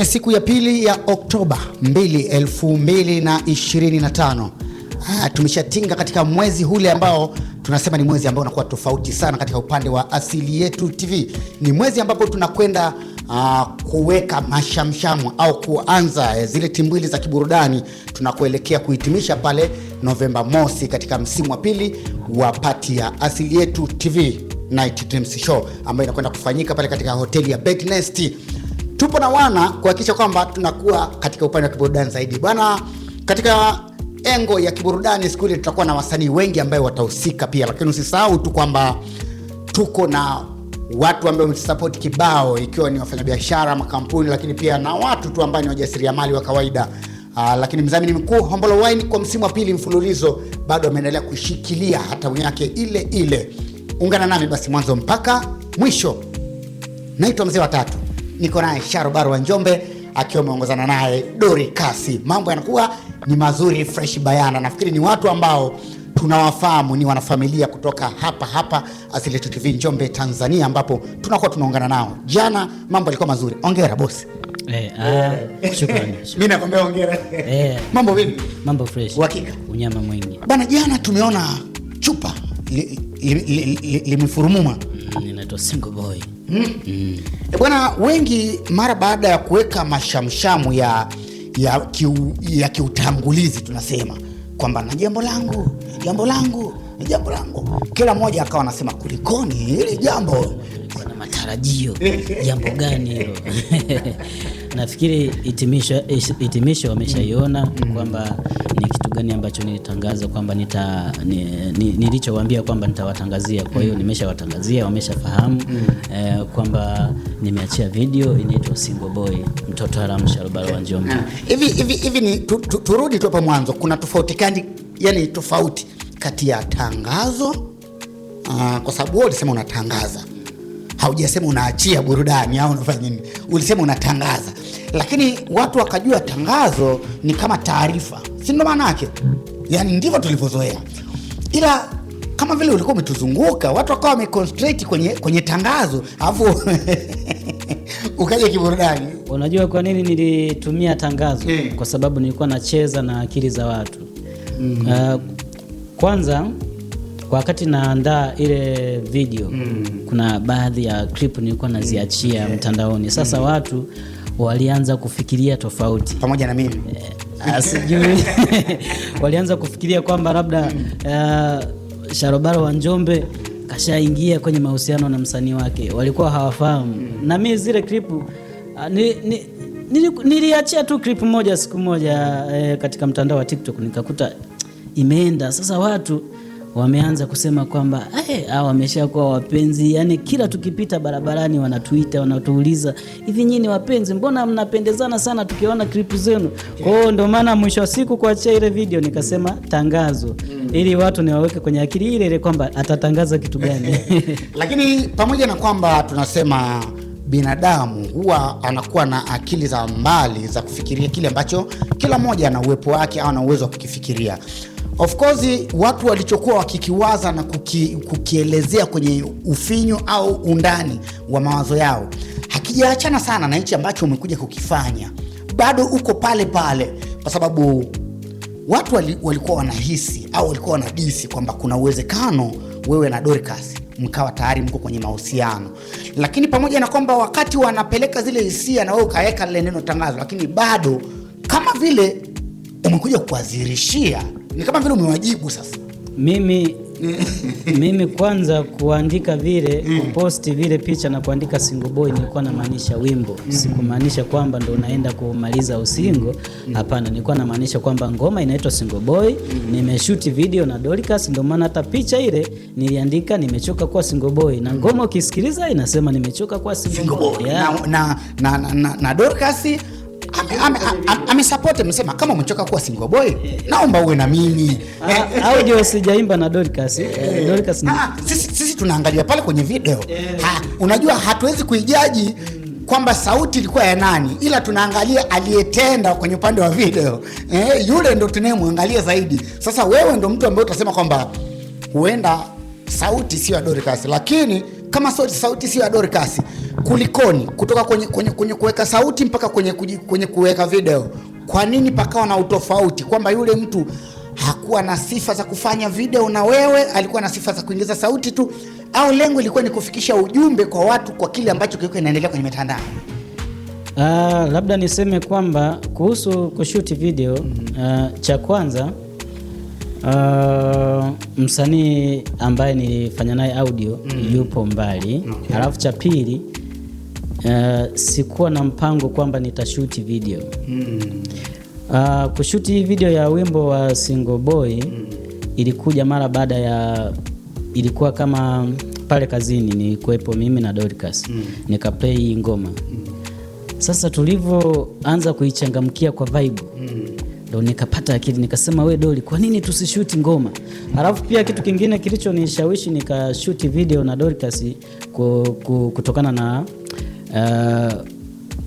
Katika siku ya pili ya Oktoba 2, 2025 ah, tumeshatinga katika mwezi hule ambao tunasema ni mwezi ambao unakuwa tofauti sana katika upande wa Asili Yetu TV. Ni mwezi ambapo tunakwenda uh, kuweka mashamshamu au kuanza eh, zile timbwili za kiburudani tunakuelekea kuhitimisha pale Novemba mosi katika msimu wa pili wa pati ya Asili Yetu TV Night Dreams Show ambayo inakwenda kufanyika pale katika hoteli ya Bednest tupo na wana kuhakikisha kwamba tunakuwa katika upande wa kiburudani zaidi bwana. Katika engo ya kiburudani siku ile tutakuwa na wasanii wengi ambayo watahusika pia, lakini usisahau tu kwamba tuko na watu ambao wametusapoti kibao, ikiwa ni wafanyabiashara, makampuni, lakini pia na watu tu ambao ni wajasiriamali wa kawaida. Aa, ah, lakini mzamini mkuu Hombolo Wine kwa msimu wa pili mfululizo bado ameendelea kushikilia hatamu yake ile ile. Ungana nami basi mwanzo mpaka mwisho. Naitwa Mzee wa Tatu niko naye Sharubaru wa Njombe akiwa ameongozana naye Dori Kasi. Mambo yanakuwa ni mazuri fresh bayana. Nafikiri ni watu ambao tunawafahamu ni wanafamilia kutoka hapa hapa Asili TV Njombe, Tanzania, ambapo tunakuwa tunaungana nao. Jana mambo yalikuwa mazuri. Ongera bosi. Eh, ah, shukrani. Mimi nakwambia ongera. Eh. Mambo vipi? Mambo fresh. Uhakika. Unyama mwingi. Bana, jana tumeona chupa limefurumuma single boy hmm. Hmm. Eh, Bwana, wengi mara baada ya kuweka mashamshamu ya ya, kiu, ya kiutangulizi tunasema kwamba na jambo langu jambo langu jambo langu, kila mmoja akawa anasema kulikoni hili jambo na matarajio jambo gani hilo? Nafikiri hitimisho hitimisho wameshaiona hmm. kwamba ni gani ambacho nilitangaza kwamba nita nilichowaambia ni, ni kwamba nitawatangazia. Kwa hiyo nimeshawatangazia, wameshafahamu mm. eh, kwamba nimeachia video inaitwa Single Boy mtoto haramu sharubara wa Njombe. Ah. Hivi hivi hivi ni tu, tu, turudi tu hapa mwanzo, kuna tofauti gani, yani tofauti kati ya tangazo uh, kwa sababu wewe ulisema unatangaza haujasema unaachia burudani au unafanya nini, ulisema unatangaza, lakini watu wakajua tangazo ni kama taarifa si ndo maana yake, yani ndivyo tulivyozoea, ila kama vile ulikuwa umetuzunguka watu wakawa wameconcentrate kwenye, kwenye tangazo alafu ukaja kiburudani. Unajua kwa nini nilitumia tangazo? hmm. Kwa sababu nilikuwa nacheza na akili za watu hmm. Uh, kwanza wakati naandaa ile video mm. kuna baadhi ya clip nilikuwa mm. naziachia mm. mtandaoni. Sasa mm. watu walianza kufikiria tofauti pamoja na mimi eh. Ah, sijui walianza kufikiria kwamba labda uh, eh, Sharobaro wa Njombe kashaingia kwenye mahusiano na msanii wake, walikuwa hawafahamu mm. na mimi zile klipu uh, ni, ni, niliachia tu clip moja siku moja e, katika mtandao wa TikTok nikakuta imeenda sasa watu wameanza kusema kwamba eh, wamesha wameshakuwa wapenzi. Yani kila tukipita barabarani wanatuita, wanatuuliza hivi, nyinyi wapenzi, mbona mnapendezana sana tukiona klipu zenu? Kwa hiyo ndio maana mwisho wa siku kuachia ile video nikasema tangazo mm. ili watu niwaweke kwenye akili ile ile kwamba atatangaza kitu gani. Lakini pamoja na kwamba tunasema binadamu huwa anakuwa na akili za mbali za kufikiria kile ambacho kila mmoja ana uwepo wake au ana uwezo wa kukifikiria. Of course watu walichokuwa wakikiwaza na kuki, kukielezea kwenye ufinyu au undani wa mawazo yao hakijaachana sana na hichi ambacho umekuja kukifanya, bado uko pale pale, kwa sababu watu walikuwa wanahisi au walikuwa wanadisi kwamba kuna uwezekano wewe na Dorcas mkawa tayari mko kwenye mahusiano, lakini pamoja na kwamba wakati wanapeleka zile hisia na wewe ukaweka lile neno tangazo, lakini bado kama vile umekuja kuwazirishia ni kama vile umewajibu sasa. Mimi mimi kwanza kuandika vile mm. kuposti vile picha na kuandika single boy nilikuwa namaanisha wimbo mm. sikumaanisha kwamba ndo unaenda kumaliza usingo mm. hapana, mm. nilikuwa namaanisha kwamba ngoma inaitwa single boy mm. nimeshuti video na Dorcas, ndio maana hata picha ile niliandika nimechoka kuwa single boy na mm. ngoma ukisikiliza inasema nimechoka kuwa single boy na, na, na, na, na Dorcas amesapoti amesema kama umechoka kuwa single boy naomba uwe na mimi ah, eh, eh. au ndio sijaimba na Dorcas. Eh. Dorcas ah, ah, sisi tunaangalia pale kwenye video, unajua hatuwezi kuijaji kwamba sauti ilikuwa ya nani, ila tunaangalia aliyetenda kwenye upande wa video eh, yule ndo tunayemwangalia zaidi. Sasa wewe ndo mtu ambaye utasema kwamba huenda sauti sio ya Dorcas, lakini kama sauti sio ya Dorcas kulikoni? Kutoka kwenye kwenye kwenye kuweka sauti mpaka kwenye kwenye kuweka video, kwa nini pakawa na utofauti kwamba yule mtu hakuwa na sifa za kufanya video na wewe alikuwa na sifa za kuingiza sauti tu, au lengo ilikuwa ni kufikisha ujumbe kwa watu kwa kile ambacho kilikuwa inaendelea kwenye mitandao? Uh, labda niseme kwamba kuhusu kushuti video uh, cha kwanza uh, msanii ambaye nilifanya naye audio mm. yupo mbali okay. Alafu cha pili uh, sikuwa na mpango kwamba nitashuti video mm. uh, kushuti video ya wimbo wa Single Boy mm. ilikuja mara baada ya ilikuwa kama pale kazini nilikuwepo mimi na Dorcas mm. nikaplay hii ngoma mm. Sasa tulivyoanza kuichangamkia kwa vibe mm. ndo nikapata akili nikasema, we dori kwa nini tusishuti ngoma? alafu pia kitu kingine kilichonishawishi nikashuti video na Dorcas kutokana na uh,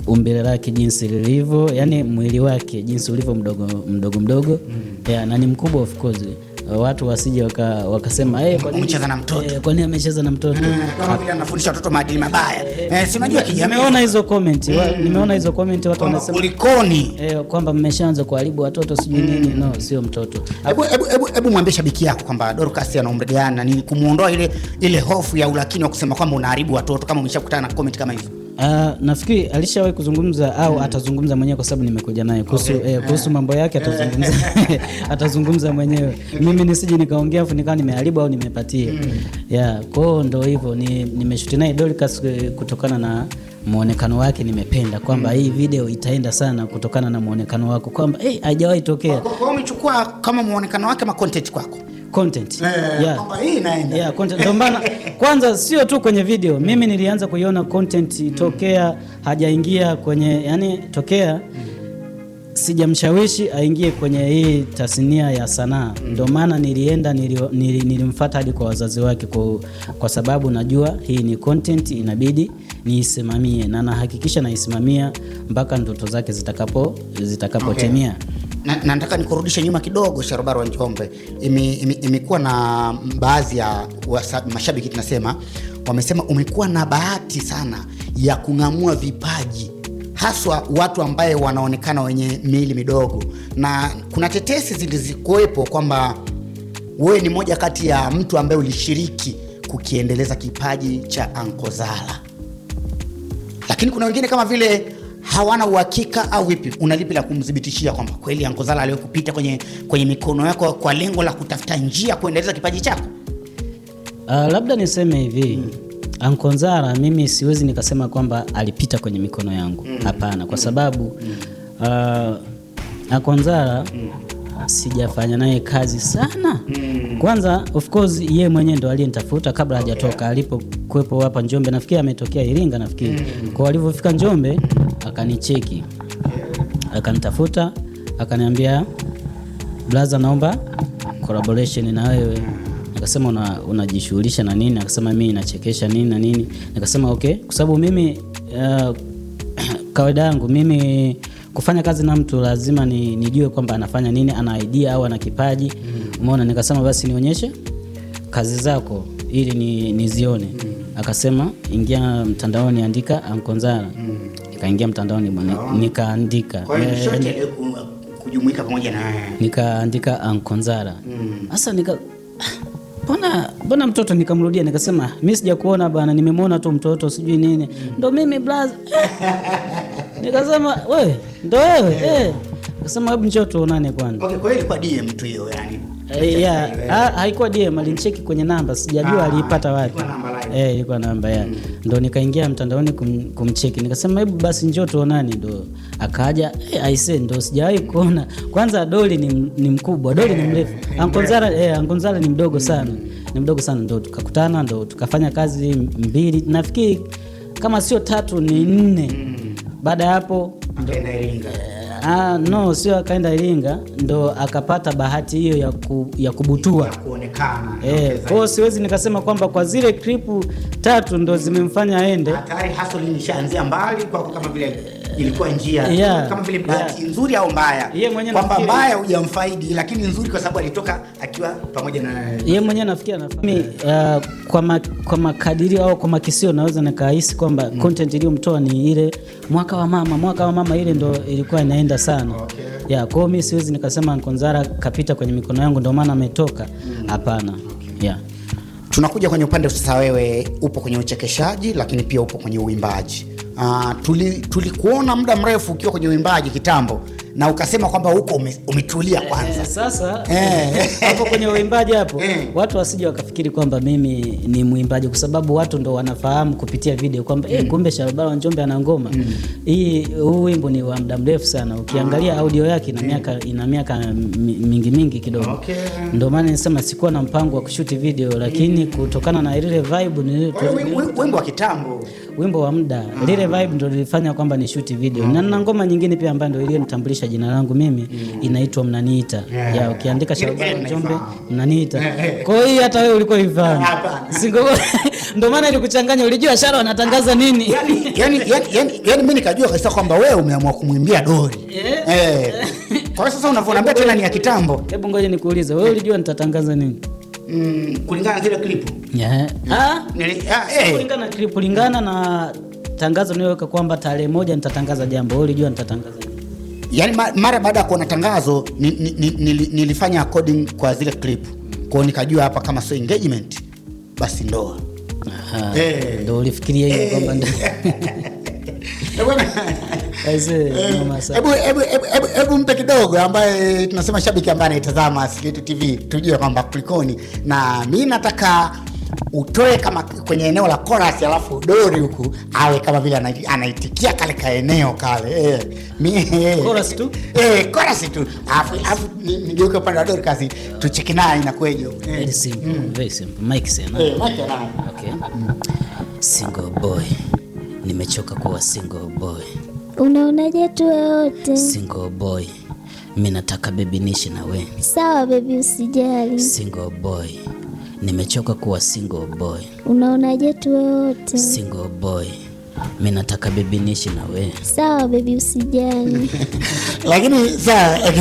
umbile lake jinsi lilivyo, yani mwili wake jinsi ulivyo mdogo mdogo mdogo mm. yeah, na ni mkubwa of course eh, watu wasije wakasema waka eh, hey, kwa nini amecheza na mtoto, kwa nini amecheza na mtoto mm, kama anafundisha watoto maadili mabaya eh, eh, eh, si unajua kijamii. Nimeona hizo comment mm, nimeona hizo comment watu wanasema kulikoni, eh, kwamba mmeshaanza kuharibu watoto sijui mm. nini No, sio mtoto. Hebu hebu hebu mwambie shabiki yako kwamba Dorcas ana umri gani, ni kumuondoa ile ile hofu ya ulakini wa kusema kwamba unaharibu watoto, kama umeshakutana na comment kama hizo. Uh, nafikiri alishawahi kuzungumza au mm. atazungumza mwenyewe kwa sababu nimekuja naye kuhusu okay. eh, ah. mambo yake atazungumza atazungumza mwenyewe. Mimi nisije nikaongea afu nikawa nimeharibu au nimepatia mm. yeah, kwao ndo hivyo ni, nimeshuti naye Dorcas eh, kutokana na muonekano wake nimependa kwamba mm. hii video itaenda sana kutokana na muonekano wako kwamba hey, eh, haijawahi tokea. umechukua kama muonekano wake ma content kwako content. Eh, yeah. yeah. hii inaenda. Yeah, content. Ndio maana kwanza sio tu kwenye video. Mimi nilianza kuiona content mm. tokea hajaingia kwenye yani tokea mm. sijamshawishi aingie kwenye hii tasnia ya sanaa. Mm. Ndio maana nilienda nilimfuata hadi kwa wazazi wake kwa, kwa sababu najua hii ni content inabidi niisimamie na nahakikisha naisimamia mpaka ndoto zake zitakapo zitakapotimia. Okay na, nataka nikurudishe nyuma kidogo. Sharobaro wa Njombe imekuwa na baadhi ya mashabiki tunasema wamesema umekuwa na bahati sana ya kung'amua vipaji haswa watu ambaye wanaonekana wenye miili midogo, na kuna tetesi zilizikuwepo kwamba wewe ni moja kati ya mtu ambaye ulishiriki kukiendeleza kipaji cha Ankozala, lakini kuna wengine kama vile hawana uhakika au vipi? Una lipi la kumthibitishia kwamba kweli Ankozala aliyokupita kupita kwenye, kwenye mikono yako kwa lengo la kutafuta njia kuendeleza kipaji chako? Uh, labda niseme hivi hmm. Ankonzara mimi siwezi nikasema kwamba alipita kwenye mikono yangu hmm. hapana, kwa hmm. sababu mm. uh, ah, Ankonzara mm. sijafanya naye kazi sana mm. Kwanza of course yeye mwenyewe ndo aliyenitafuta kabla hajatoka, okay. Alipokuwepo hapa Njombe, nafikiri ametokea Iringa nafikiri. Mm. Kwa alivyofika Njombe akanicheki, akanitafuta, akaniambia brother, naomba collaboration na wewe. akasema una, unajishughulisha na nini? Akasema mimi nachekesha nini na nini. Nikasema okay, kwa sababu mimi uh, kawaida yangu mimi kufanya kazi na mtu lazima ni, nijue kwamba anafanya nini, ana idea au ana kipaji mm. Umeona, nikasema basi nionyeshe kazi zako ili ni, nizione mm. Akasema ingia mtandaoni, andika Ankonzara mm. Mm-hmm. Nikaingia mtandaoni no. Ah. Nikaandika e, kujumuika pamoja na nikaandika Ankonzara mm. sasa mm. nika Mbona mbona mtoto nikamrudia, nikasema mimi sija kuona bana, nimemwona tu mtoto sijui nini, mm. ndo mimi blaza nikasema we ndio wewe eh, akasema eh. hebu njoo tuonane kwanza. Okay, kwa hiyo ilikuwa DM tu hiyo yani. Eh, yeah, haikuwa DM, alinicheki kwenye namba, sijajua ah, aliipata wapi. Eh, ilikuwa namba ya. Mm. ndo nikaingia mtandaoni kum, kumcheki. Nikasema hebu basi njoo tuonane ndo Akaja, eh, aise ndo sijawahi kuona. Kwanza Doli ni, ni mkubwa, Doli ni eh, mrefu. Angonzara eh, Angonzara eh, ni mdogo mm. sana. Ni mdogo sana ndo tukakutana ndo tukafanya kazi mbili. Nafikiri kama sio tatu ni nne. Mm. Baada ya hapo Eh, ah, no sio, akaenda Iringa ndo akapata bahati hiyo ya, ku, ya kubutua ya kuonekana. Eh, kwa hiyo siwezi nikasema kwamba kwa zile klipu tatu ndo zimemfanya aende. Hatari hustle ilishaanzia mbali kwa kama vile ilikuwa njia yeah, kama vile bahati yeah, nzuri au mbaya yeah, kwamba mbaya hujamfaidi, lakini nzuri kwa sababu alitoka akiwa pamoja na yeye mwenyewe. Nafikia mimi uh, kwa kwa makadirio au kwa makisio, naweza nikahisi kwamba mm, content iliyomtoa ni ile mwaka wa mama, mwaka wa mama ile ndo mm. ilikuwa inaenda sana okay. Yeah, kwa hiyo mimi siwezi nikasema Nkonzara kapita kwenye mikono yangu ndio maana ametoka, mm. hapana mm. okay. yeah. Tunakuja kwenye upande sasa, wewe upo kwenye uchekeshaji lakini pia upo kwenye uimbaji Uh, tulikuona tuli muda mrefu ukiwa kwenye uimbaji kitambo, na ukasema kwamba huko umetulia kwanza. E, Sasa eh. hapo e, kwenye uimbaji hapo, e, watu wasije wakafikiri kwamba mimi ni mwimbaji, kwa sababu watu ndo wanafahamu kupitia video kwamba mm, eh, kumbe Sharobaro wa Njombe ana ngoma mm. hii. mm. Huu wimbo ni wa muda mrefu sana, ukiangalia ah. audio yake ina mm. miaka ina miaka mingi mingi kidogo. okay. Ndio maana nisema sikuwa na mpango wa kushuti video, lakini mm. kutokana na ile vibe, ni wimbo wa kitambo, wimbo wa muda, lile ah. vibe ndio lilifanya kwamba ni shoot video, na ah. nina ngoma nyingine pia ambayo ndio iliyonitambulisha kuonyesha jina langu mimi mm. inaitwa Mnaniita. Ya ukiandika Shabani Njombe Mnaniita. Kwa hiyo hata wewe ulikuwa hivana. Ndio maana ilikuchanganya, ulijua Shara wanatangaza nini? yani, yani, yani, yaani yani mimi nikajua kabisa kwamba wewe umeamua kumwimbia Dori. yeah. Eh. Kwa hiyo sasa unavyonaambia tena ni ya kitambo. Hebu ngoja nikuulize, wewe ulijua nitatangaza nini? Mm, kulingana na zile clip. Yeah. Mm. Ah? ah, eh. Kulingana na clip, kulingana na tangazo niloweka kwamba tarehe moja nitatangaza jambo. Wewe ulijua nitatangaza yani mara baada ya kuona tangazo nilifanya according kwa zile clip, kwao nikajua hapa kama sio engagement basi ndoa. Eh. Ndio ulifikiria hiyo kwamba Hebu mpe kidogo, ambaye tunasema shabiki ambaye anaitazama Asili TV, tujue kwamba kulikoni, na mi nataka utoe kama kwenye eneo la chorus, alafu dori huku awe kama vile anaitikia kale ka eneo kale eh, mi, chorus tu eh, chorus tu, afu afu nigeuke upande wa dori, kasi kazi tuchekina inakweje? Eh. Very simple, mm. very simple. Mike sana eh, Mike sana eh. okay. Single boy, nimechoka kuwa single boy. Unaonaje tuwe wote single boy? Mimi nataka baby nishi na wewe. Sawa baby, usijali. Single boy Nimechoka kuwa single boy. Unaona jetu wote. Single boy. Mimi nataka bibi nishi na we. Sawa bebi usijali. Lakini sawa.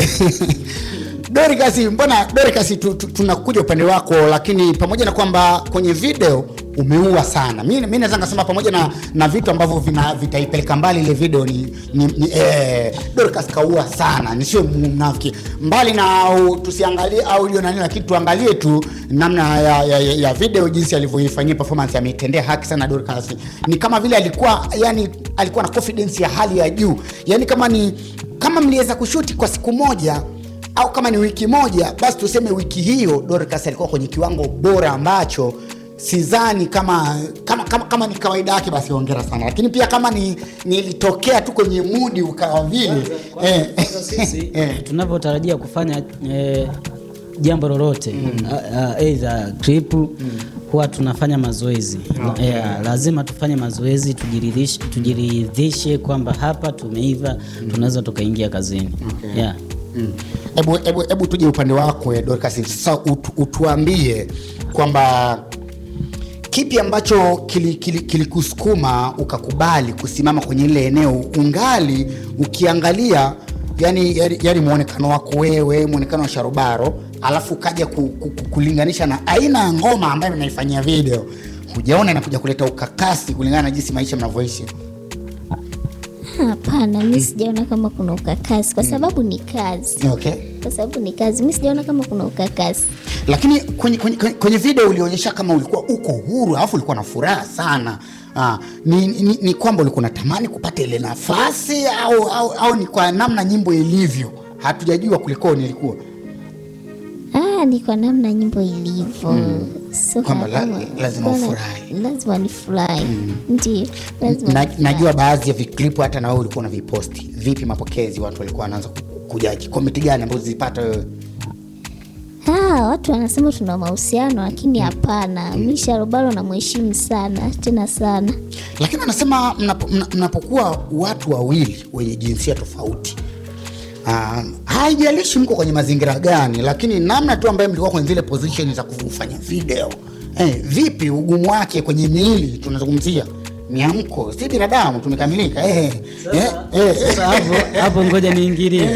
Doricas, mbona Doricas, tunakuja upande wako, lakini pamoja na kwamba kwenye video umeua sana. Mimi naweza nikasema pamoja na, na vitu ambavyo vitaipeleka mbali ile video ni, ni, ni eh, Dorcas kaua sana, nisio mnafiki mbali na au, tusiangalie audio na nini, lakini tuangalie tu namna ya, ya, ya video jinsi alivyoifanyia performance. Ameitendea haki sana Dorcas, ni kama vile alikuwa yani, alikuwa na confidence ya hali ya juu yani kama ni kama mliweza kushuti kwa siku moja au kama ni wiki moja, basi tuseme wiki hiyo Dorcas alikuwa kwenye kiwango bora ambacho sidhani kama kama, kama kama ni kawaida yake, basi ongera sana, lakini pia kama ni nilitokea tu kwenye mudi ukawa vile eh, eh. kufanya eh, jambo lolote aidha mm. clip uh, uh, mm. huwa tunafanya mazoezi okay. yeah, lazima tufanye mazoezi tujiridhishe, kwamba hapa tumeiva mm. tunaweza tukaingia kazini okay. yeah. Mm. ebu, ebu tuje upande wako Dorcas, sasa utuambie kwamba Kipi ambacho kilikusukuma kili, kili ukakubali kusimama kwenye ile eneo ungali ukiangalia yani, yani, yani mwonekano wako wewe, mwonekano wa Sharobaro, alafu ukaja ku, ku, kulinganisha na aina ya ngoma ambayo naifanyia video, hujaona inakuja kuleta ukakasi kulingana na jinsi maisha mnavyoishi? Hapana, mi sijaona kama kuna ukakasi kwa hmm. sababu ni kazi okay kwa sababu ni kazi. Mimi sijaona kama kuna ukakasi. Lakini kwenye, kwenye, kwenye video ulionyesha kama ulikuwa uko huru alafu ulikuwa na furaha sana. Aa, ah, ni, ni, ni kwamba ulikuwa unatamani kupata ile nafasi au, au, au ni kwa namna nyimbo ilivyo? Hatujajua kuliko nilikuwa Ah, ni kwa namna nyimbo ilivyo. Mm. So, kwamba la, lazima ufurahi, lazima nifurahi. Mm. Ndio, lazima na, najua baadhi ya viklipu hata na wewe ulikuwa unaviposti. Vipi mapokezi, watu walikuwa wanaanza kujaji komiti gani ambazo zipata wewe? Ha, watu wanasema tuna mahusiano lakini hapana. Mm. Misha Sharobalo namheshimu sana tena sana, lakini anasema mnapokuwa mna, watu wawili wenye jinsia tofauti um, haijalishi mko kwenye mazingira gani, lakini namna tu ambaye mlikuwa kwenye zile position za kufanya video eh, vipi ugumu wake kwenye miili tunazungumzia miamko, si binadamu tumekamilika. Eh, eh, sasa eh, hapo ngoja niingilie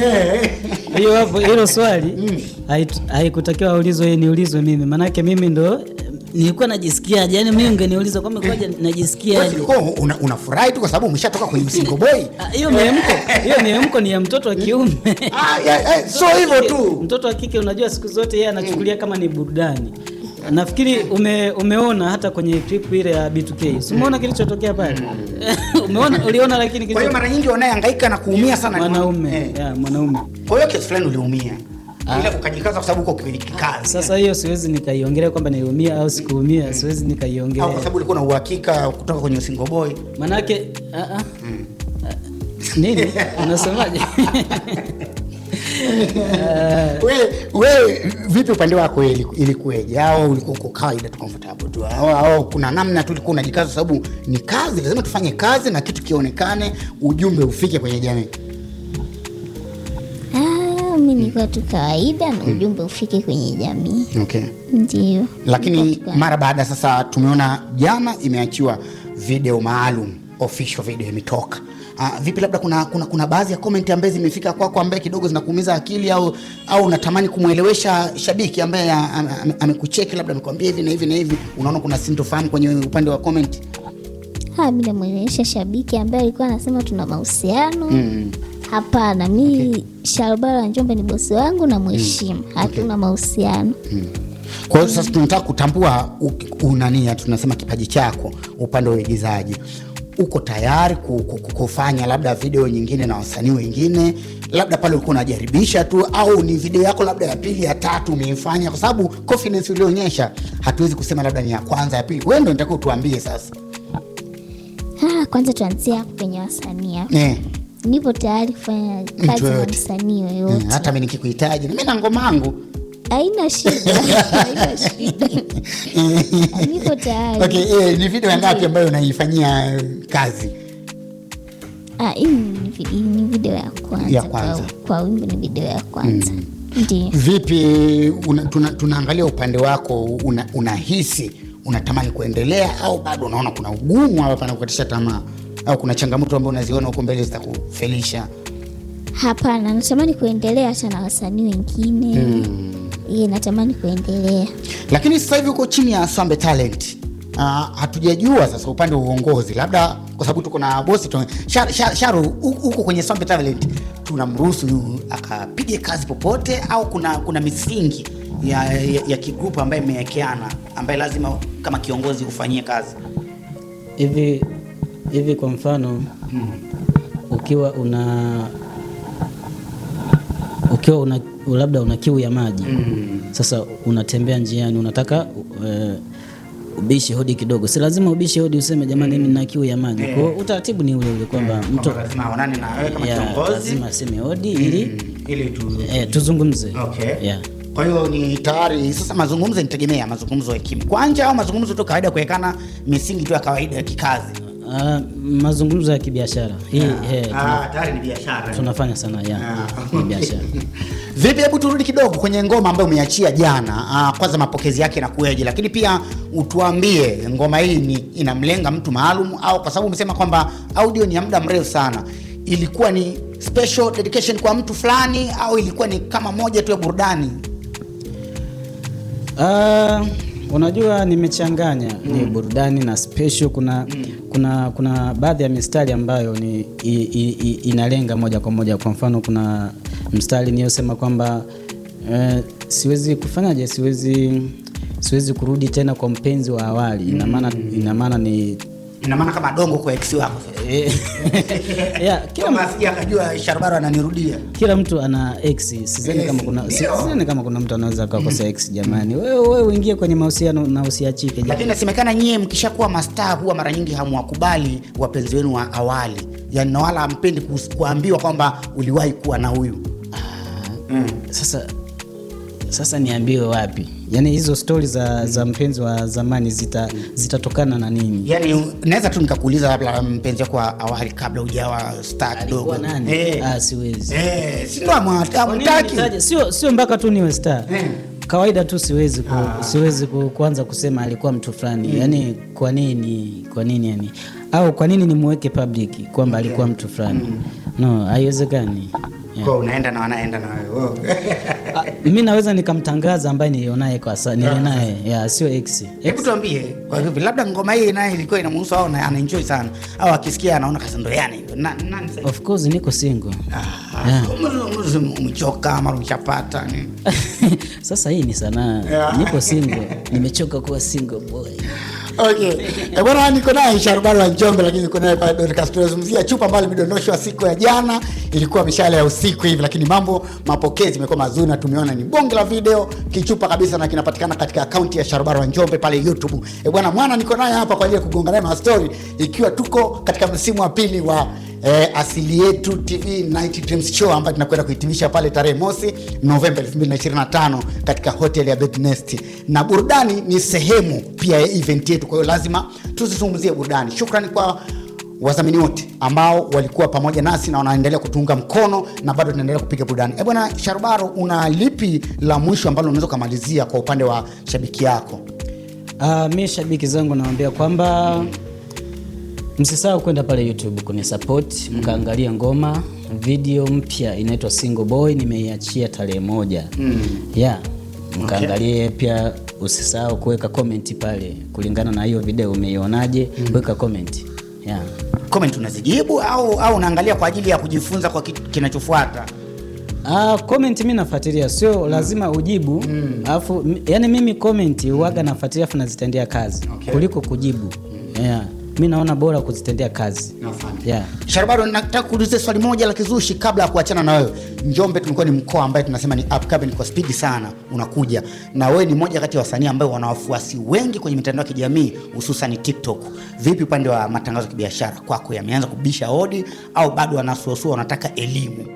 hiyo hapo, hilo swali mm. haikutakiwa ulizo, yeye, niulizwe mimi, maanake mimi ndo nilikuwa najisikiaje? Yani mimi ungeniuliza kama kwaje mm. najisikiaje? Unafurahi tu kwa sababu umeshatoka kwenye msingo boy. Ah, hiyo miamko, hiyo miamko ni ya mtoto wa mm. kiume. Ah, so hivyo tu, mtoto wa kike unajua, siku zote yeye anachukulia kama ni burudani Nafikiri ume, umeona hata kwenye clip ile ya B2K. Si umeona kilichotokea pale? Hmm. Umeona uliona lakini kilicho. Kwa hiyo mara nyingi wanayehangaika na kuumia sana mwanaume. Eh. Yeah, mwanaume. Kwa hiyo kitu fulani uliumia. Ah. Ile ukajikaza kwa sababu uko kikazi. Sasa hiyo siwezi nikaiongelea kwamba niliumia au sikuumia, hmm. siwezi nikaiongelea. kwa sababu ulikuwa na uhakika kutoka kwenye single boy. Manake a hmm. a. Uh-uh. Nini? Unasemaje? Wewe vipi upande wako ilikuweje? Au ulikuwa uko kawaida tu comfortable tu, au kuna namna tu ulikuwa unajikaza? Sababu ni kazi, lazima tufanye kazi na kitu kionekane, ujumbe ufike kwenye jamii. Ah, Mi nilikuwa tu kawaida na hmm. ujumbe ufike kwenye jamii. Okay. Ndio. Lakini mara baada sasa, tumeona jana imeachiwa video maalum, official video imetoka Ah, vipi labda kuna, kuna, kuna baadhi ya comment ambaye zimefika kwako kwa ambaye kidogo zinakuumiza akili au au unatamani kumwelewesha shabiki ambaye amekucheki labda amekwambia hivi na hivi na hivi, unaona kuna sintofahamu kwenye upande wa comment? Ha, mimi namwelewesha shabiki ambaye alikuwa anasema tuna mahusiano mm. Hapana, mi okay. Sharubara wa Njombe ni bosi wangu na mheshimu mm. Hatuna okay. mahusiano mm. Kwa hiyo sasa tunataka kutambua unania, tunasema kipaji chako upande wa uigizaji uko tayari kufanya labda video nyingine na wasanii wengine, labda pale ulikuwa unajaribisha tu, au ni video yako labda ya pili ya tatu umeifanya, kwa sababu confidence ulionyesha hatuwezi kusema labda ni ya kwanza ya pili. Wewe ndio nitaka utuambie sasa. Ha, kwanza tuanzia kwenye wasanii eh. Nipo tayari kufanya kazi na msanii eh, yoyote, hata mimi nikikuhitaji, mimi na ngoma yangu Haina shida, haina shida, niko tayari. Eh, ni video ngapi ambayo unaifanyia eh, kazi? Ah, hii ni video ya kwanza, ya kwanza. Kwa wimbo ni video ya kwanza mm. Ndiyo. Vipi eh, una, tuna, tunaangalia upande wako una, unahisi unatamani kuendelea au bado unaona kuna ugumu hapa panakukatisha tamaa au kuna changamoto ambayo unaziona huko mbele zitakufelisha? Hapana, natamani kuendelea hata na wasanii wengine mm. Ye, natamani kuendelea, lakini sasa hivi uko chini ya Sambe Talent. Uh, hatujajua sasa upande wa uongozi, labda kwa sababu tuko na bosi Sharu huko kwenye Sambe Talent, tunamruhusu akapige kazi popote, au kuna, kuna misingi ya, ya, ya kigrupu ambaye mmewekeana ambaye lazima kama kiongozi ufanyie kazi hivi hivi, kwa mfano hmm. ukiwa una ukiwa una, labda una kiu ya maji mm. Sasa unatembea njiani unataka uh, ubishi hodi kidogo, si lazima ubishi hodi useme jamani, mimi mm. nina kiu ya maji yeah. Kwa eh. utaratibu ni ule ule kwamba eh, mtu lazima aonane na wewe kama kiongozi, lazima aseme hodi ili mm. ili tuzungumze. Okay. Yeah. Kwa hiyo ni tayari sasa, mazungumzo nitegemea mazungumzo ya kimkwanja au mazungumzo tu kawaida, kuwekana misingi tu ya kawaida ya kikazi. Uh, mazungumzo ya kibiashara hii ah. ah, tayari ni biashara, tunafanya sana ya ni biashara. Vipi, hebu turudi kidogo kwenye ngoma ambayo umeachia jana. Uh, kwanza mapokezi yake inakuwaje, lakini pia utuambie ngoma hii ni inamlenga mtu maalum au, kwa sababu umesema kwamba audio ni ya muda mrefu sana, ilikuwa ni special dedication kwa mtu fulani au ilikuwa ni kama moja tu ya burudani? Uh, unajua nimechanganya mm. ni burudani na special kuna mm kuna, kuna baadhi ya mistari ambayo ni i, i, i, inalenga moja kwa moja. Kwa mfano kuna mstari niyosema kwamba eh, siwezi kufanyaje, siwezi siwezi kurudi tena kwa mpenzi wa awali. Ina maana ina maana ni ina maana kama dongo kwa ex wako yeah, kila mtu akajua Sharubaro ananirudia. Kila mtu ana ex, sidhani kama kuna sidhani kama kuna mtu anaweza akakosa mm. ex. Jamani, wewe wewe uingie kwenye mahusiano na usiachike. Lakini nasemekana nyie mkishakuwa mastaa huwa mara nyingi hamwakubali wapenzi wenu wa awali, yaani na wala hampendi kuambiwa kwamba uliwahi kuwa na huyu. Ah, mm. Sasa sasa niambiwe wapi? yani hizo stori za, za mpenzi wa zamani zitatokana zita na nini? Yani naweza tu nikakuuliza labda mpenzi wako awali kabla ujawa star kidogo. Hey. Eh. Ah, siwezi. Eh, sio sio mpaka tu niwe star. Hey. Eh. Kawaida tu siwezi ku, ah. siwezi ku, kuanza kusema alikuwa mtu fulani mm. Yaani kwa nini kwa nini yani au kwa nini nimweke public kwamba alikuwa mtu fulani mm. No, haiwezekani. Kwa unaenda na wanaenda na wewe. Ah, mimi naweza nikamtangaza ambaye nilionaye kwa sasa, nilionaye ah. ya sio X. Hebu tuambie kwa hivyo labda ngoma hii naye ilikuwa inamhusu au ana enjoy sana au akisikia anaona kasa ndo yani. Of course niko single. Ah, umechoka ama umechapata Sasa hii ni sanaa. Niko single. Nimechoka kuwa single boy. Okay. E, bwana niko naye Sharubani wa Njombe lakini niko naye pale Dorcas. Tunazungumzia chupa ambayo imedondoshwa siku ya jana, ilikuwa mishale ya usiku hivi, lakini mambo mapokezi imekuwa mazuri na tumeona ni bonge la video kichupa kabisa, na kinapatikana katika akaunti ya Sharubani wa Njombe pale YouTube. E, bwana mwana niko naye hapa kwa ajili ya kugonga naye mastori, ikiwa tuko katika msimu wa pili wa eh, Asili Yetu TV Night Dreams Show ambayo tunakwenda kuhitimisha pale tarehe mosi Novemba 2025 katika hoteli ya Bednest, na burudani ni sehemu pia ya event yetu, kwa hiyo lazima tuzizungumzie burudani. Shukrani kwa wadhamini wote ambao walikuwa pamoja nasi na wanaendelea kutuunga mkono na bado tunaendelea kupiga burudani. Eh, bwana Sharubaro, una lipi la mwisho ambalo unaweza ukamalizia kwa upande wa shabiki yako? Uh, ah, mi shabiki zangu nawambia kwamba mm Msisahau kwenda pale YouTube kuni support mm. mkaangalia ngoma. Video mpya inaitwa Single Boy nimeiachia tarehe moja mm. yeah mkaangalie okay. Pia usisahau kuweka comment pale kulingana na hiyo video umeionaje? mm. weka comment yeah. Comment unazijibu au au unaangalia kwa ajili ya kujifunza kwa kinachofuata? Ah, comment mimi nafuatilia, sio mm. lazima ujibu mm. afu, yani mimi comment huaga mm. nafuatilia afu nazitendea kazi okay. kuliko kujibu mm. yeah mi naona bora kuzitendea kazi. Yeah. sharubado nataka kuuliza swali moja la kizushi kabla ya kuachana na wewe. Njombe tumekuwa ni mkoa ambaye tunasema ni upcoming kwa spidi sana unakuja, na wewe ni moja kati ya wasanii ambao wana wafuasi wengi kwenye mitandao ya kijamii hususan TikTok. Vipi upande wa matangazo ya kibiashara kwako, yameanza kubisha hodi au bado wanasuasua, wanataka elimu?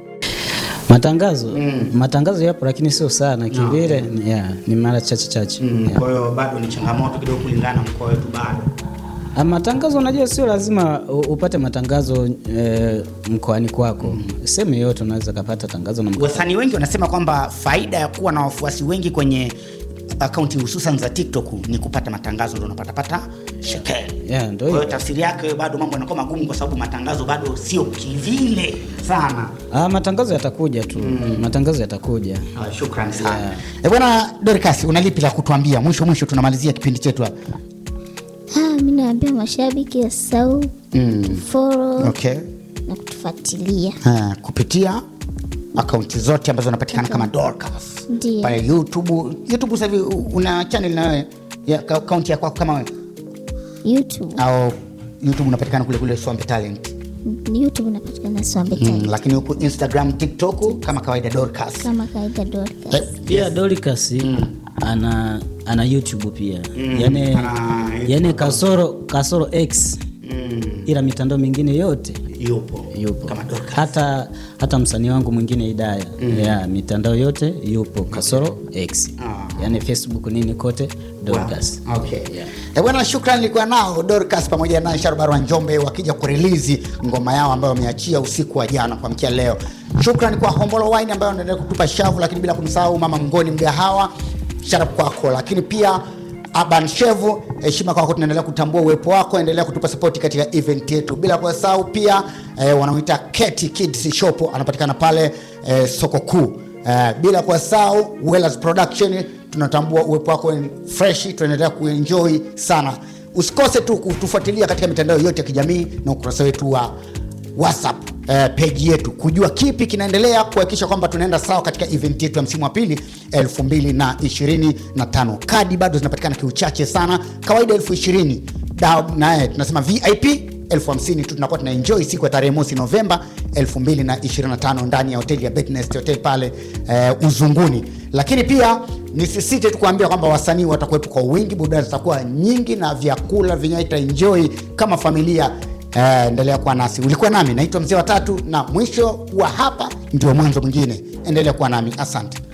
Matangazo mm. Matangazo yapo lakini sio sana kivile. No, Yeah, ni mara chache chache. Mm. Kwa hiyo Bado ni changamoto kidogo kulingana mkoa wetu bado Ah, matangazo unajua, sio lazima upate matangazo e, mkoani kwako mm -hmm. Sehemu yoyote unaweza kupata tangazo na wasanii wengi wanasema kwamba faida ya kuwa na wafuasi wengi kwenye akaunti hususan za TikTok ni kupata matangazo, ndio pata shekeli. Yeah, ndio hiyo tafsiri yake. Bado mambo yanakuwa magumu kwa sababu matangazo bado sio kivile sana. Ah, matangazo yatakuja tu mm. Matangazo yatakuja. Ah, shukrani sana. Yeah. Eh, bwana Dorcas, unalipi la kutuambia? Mwisho mwisho tunamalizia kipindi chetu hapa. Ah, mimi naambia mashabiki ya mm. kufollow na kutufuatilia ah, kupitia akaunti zote ambazo unapatikana okay. kama Dorcas pale YouTube. YouTube sasa una channel na wewe ya akaunti ya kwako kama wewe YouTube au YouTube unapatikana kule kule Swambe Talent YouTube unapatikana Swambe hmm, Talent mm, lakini huku Instagram, TikTok kama kawaida Dorcas, kama kawaida Dorcas pia Dorcas mm. ana ana YouTube pia mm. yani ana ah yani yaani kasoro, kasoro X mm. Ila mitandao mingine yote yupo, yupo. Kama hata, hata msanii wangu mwingine Idaya mm. ya yeah, mitandao yote yupo kasoro okay. X ah. Yani Facebook nini kote Dorcas. Wow. Okay. Yeah. Eh, bwana shukrani nilikuwa nao Dorcas pamoja na Sharubar wa Njombe wakija kurelease ngoma yao ambayo wameachia usiku wa jana kwa mkia leo. Shukrani kwa Hombolo Wine ambayo anaendelea kutupa shavu, lakini bila kumsahau Mama Ngoni mgahawa, shout kwako, lakini pia Aban Shevu, heshima kwako, tunaendelea kutambua uwepo wako, endelea kutupa support katika event yetu, bila kusahau pia eh, wanaoita Keti Kids Shop anapatikana pale eh, soko kuu eh, bila kusahau Wellers Production, tunatambua uwepo wako fresh, tunaendelea kuenjoy sana. Usikose tu kutufuatilia katika mitandao yote ya kijamii na ukurasa wetu wa WhatsApp eh, peji yetu kujua kipi kinaendelea kuhakikisha kwamba tunaenda sawa katika event yetu ya msimu wa pili 2025. Kadi bado zinapatikana kiuchache sana, kawaida elfu ishirini naye eh, tunasema VIP elfu hamsini tu tunakuwa tuna enjoy siku ya tarehe mosi Novemba 2025 ndani ya hoteli ya Betnest Hotel pale uh, Uzunguni. Lakini pia nisisite tukuambia kwamba wasanii watakuwepo kwa wingi, burudani zitakuwa nyingi na vyakula vinyaita enjoy kama familia Eh, endelea kuwa nasi. Ulikuwa nami naitwa Mzee wa Tatu, na mwisho wa hapa ndio mwanzo mwingine. Endelea kuwa nami, asante.